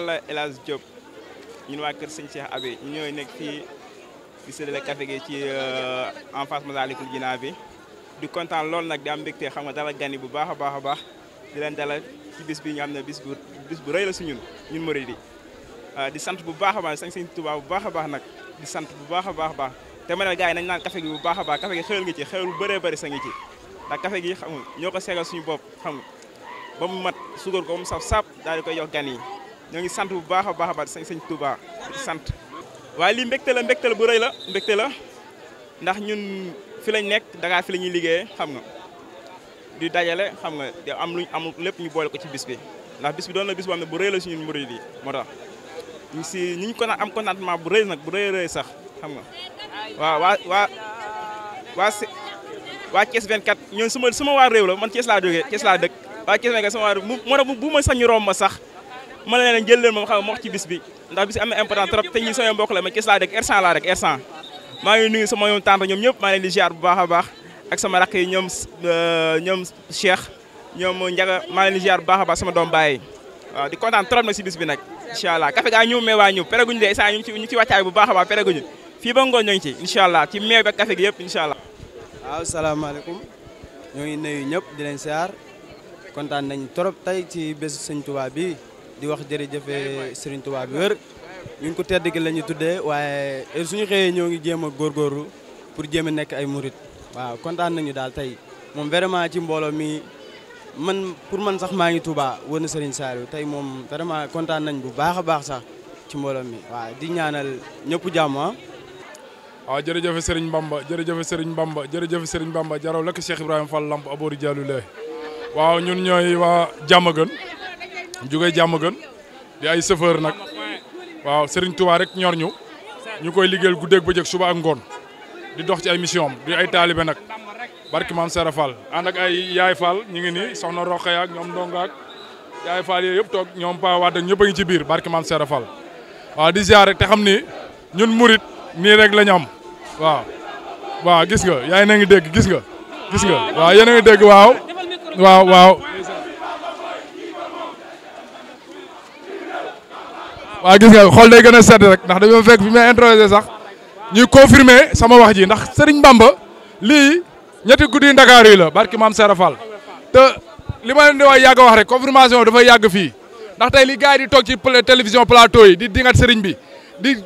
man la El Hadj ñun waa kër sëñ Cheikh Abe ñu ñooy nekk ci di séddale kafe gi ci euh, en face Massalikul jinaa bi di kontaan loolu nag di am mbégte xam nga dala gani bu baax a baax a baax di leen dalal ci bis bi nga na bis bu bis bu rëy la si ñun ñun murid yi euh, di sant bu baax a baax sañ sëñ Tuubaa bu baax a nag di sant bu baax a baax baax te ma ne gars nañ naan kafe gi bu baax a baax café gi xewal ngi ci xewal bu bëree bëri sa ngi ci ndax café gi xam nga ñoo ko seegal suñu bopp xam nga ba mu mat sugar ko ba mu saf sap daal di koy yi ñoo ngi sant bu baax a baax a baax sëñ sëñ baax di sant. waaye lii mbégte la mbégte bu rëy la mbégte la ndax ñun fi lañ nekk Dakar la ñuy liggéeyee xam nga di dajale xam nga di am luñ amul lépp ñu boole ko ci bis bi. ndax bis bi doon na bis boo xam bu rëy la si ñun murid yi moo tax ñu si ñu ngi ko am bu rëy nag bu rëy rëy sax xam nga waaw waa waa waa waa Thiès 24 ñoom sama sama waa man Thiès laa jógee Thiès laa dëkk waa Thiès 24 sama waa ma sax ñu romb ma sax. mën na leen jël leen moom xam nga ma ci bis bi ndax bis bi am na important trop te ñi sama mbokk la mais Cees laa dëkk r laa rek R100 maa ngi nuyu sama ñoom tante ñoom ñëpp maa ngi leen di ziar bu baax a baax ak sama rakk yi ñoom euh, ñoom Cheikh ñoom Ndiaga maa ngi leen di bu baax a baax sama doom bàyyi waaw di kontaan trop nag si bis bi nag incha allah café gaa ñëw mais waa ñëw pereguñu de isa ñu ngi ci ñu ngi ci wàccaay bu baax a baax pereguñu fii ba ngoon ñoo ngi ci incha allah ci meew salaamaaleykum ñoo ngi nuyu ñëpp di leen kontaan nañ trop tey ci bésu sëñ bi di wax jërëjëfe Serigne Touba bi wër ñu ko tedd gi la ñu tuddee waaye suñu xëyee ñoo ngi jéem a góorgóorlu pour jéem a nekk ay murit waaw kontaan nañu daal tey moom vraiment ci mbooloo mi man pour man sax maa ngi Touba wër na Serigne Saliou tey moom vraiment kontaan nañ bu baax a baax sax ci mbooloo mi waaw di ñaanal ñëpp jàmm ah. waaw ah, jërëjëf Serigne Bamba jërëjëf Serigne Bamba jërëjëf Serigne Bamba jaraw lakk Cheikh Ibrahima Fall Lamp Aboori Dialloulay waaw ñun ñooy waa Diamaguène ñu jógee jàmm gën di ay chauffeur nag waaw Serigne Touba rek ñor ñu ñu koy liggéeyal guddeeg bëccëg suba ak ngoon di dox ci ay mission am di ay taalibe nag barki maam Sera Fall ak ay Yaay Fall ñu ngi nii soxna Rokhaya ak ñoom Ndonga ak Yaay Fall yooyu yëpp toog ñoom paa Wade ak ñëpp ci biir barki maam Sera Fall waaw di ziar rek te xam ni ñun murit nii rek la ñu am waaw. waaw gis nga yaa ngi dégg gis nga. waaw yéen a dégg waaw. waaw waaw. waaw gis nga xool day gën a sedd rek ndax dañoo fekk fi may introsé sax ñuy confirmer sama wax ji ndax Serigne Bamba li ñetti guddi Ndakaar yi la barki maam Serap fal te li ma leen di wax yàgg wax rek confirmation dafa yàgg fii ndax tey li gars yi di toog ci télévision plateau yi di dingat Serigne bi di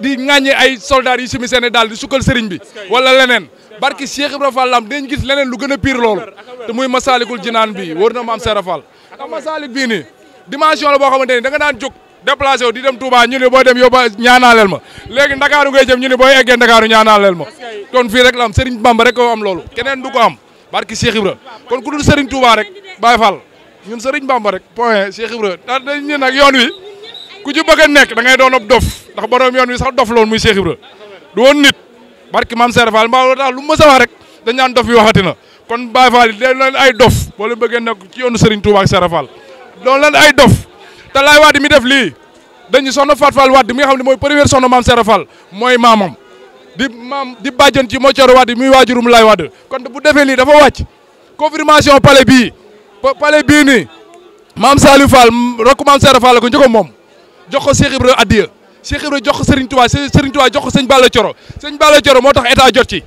di ŋàññi ay soldats yi simi seene daal di sukkal sëriñ bi wala leneen barki Cheikh Ibrahima Fall lam dañ gis leneen lu gën a piir loolu te muy Masalikul Jinaan bi war na maam Serap Fall ndax Masalik bii nii dimension la boo xamante ni da nga daan jóg déplacé wu di dem Touba ñu ne booy dem yóbba ñaanaaleel ma léegi Ndakaaru ngay jëm ñu ne booy eggee Ndakaaru ñaanaaleel ma kon fii rek la am Serigne Bamba rek ko am loolu keneen du ko am barki Cheikh Ibra kon ku dul Serigne Touba rek Baye Fall ñun Serigne Bamba rek point Cheikh Ibra da dañ ne nag yoon wi ku ci bëgg nekk da ngay doon ab dof ndax borom yoon wi sax dof loolu muy Cheikh Ibra du woon nit barki maam Serigne Fall mbaa loolu daal lu ma sa wax rek dañ naan dof yi waxati na kon Baye Fall yi ay dof boo leen nekk ci yoonu Serigne Touba ak Serigne Fall doon leen ay dof te Laay Wade mi def lii dañu soxna Fatou Fall Wade mi nga xam ne mooy première soxna maam Serap Fall mooy maamam di maam di bàjjan ci Mocoro Wade muy waajurum Laay Wade kon bu defee lii dafa wàcc confirmation palais bii palais bii nii maam Saliou Fall rakku maam Serap Fall ko njëkkoon moom jox ko Cheikh Ibrahima addiya Cheikh Ibrahima jox ko Serigne Touba Serigne Touba jox ko sëñ Balla Coro sëñ Balla Coro moo tax état jot ci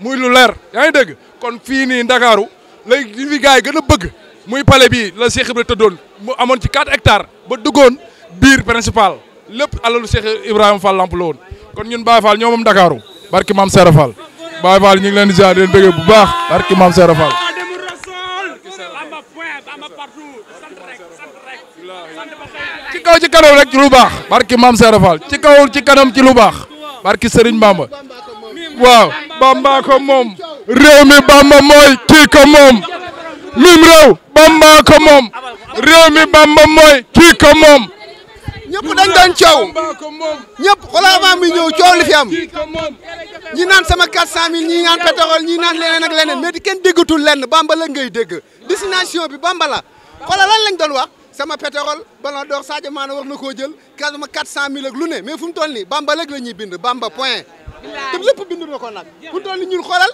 muy lu leer yaa ngi dégg kon fii nii Ndakaaru lay li fi gars yi gën a bëgg. muy pale bi la Cheikh Ibrahima tëddoon mu amoon ci 4 hectares ba duggoon biir principal lépp alalu Cheikh ibrahim Fall Lamp la woon kon ñun Baye Fall ñoo moom Ndakaaru barki maam Serra Fall Baye Fall ñu ngi leen di ziar di bu baax barki maam Serra Fall. ci kaw ci kanam rek ci lu baax barki maam Serra ci kanam ci lu baax barki Serigne Bamba waaw Bamba moom réew Bamba mooy kii moom mim réew bamba ko moom réew mi bamba mooy kii ko moom. ñëpp dañ doon coow ñëpp xoolal avant muy ñëw coow li fi am ñi naan sama kat 400000 ñi naan pétrole ñi naan leneen ak leneen mais di kenn déggatul lenn bamba la ngay dégg destination bi bamba la xoolal lan lañ doon wax sama pétrole ballon d'or Sadio Mané wax na koo jël sama 400000 ak lu ne mais fu mu toll nii bamba rek la ñuy bind bamba point. te lépp bind na ko nag fu mu ñun xoolal.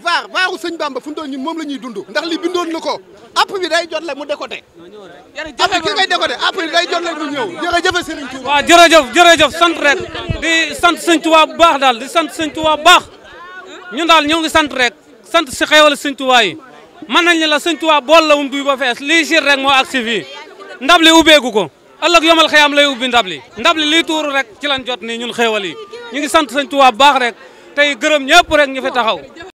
vaar vaaru sëñ Bamba fu mu toll ñun moom la ko app bi day jot le mu décoté app ki ngay décoté app bi day jërëjëf jërëjëf sant rek di sant sëñ bu baax daal di sant sëñ Touba bu baax ñun daal ñoo ngi sant rek sant si xewal sëñ Touba yi mën nañ la sëñ Touba bool la wun duy ba fees lii sir rek moo agsi fii ndab li ubbeeku ko ëllëg yomal xëyaam lay ubbi ndab li ndab li liy tuuru rek ci lan jot nii ñun xéewal yi ñu ngi sant sëñ Tuubaa bu baax rek tey gërëm ñëpp rek ñu fi taxaw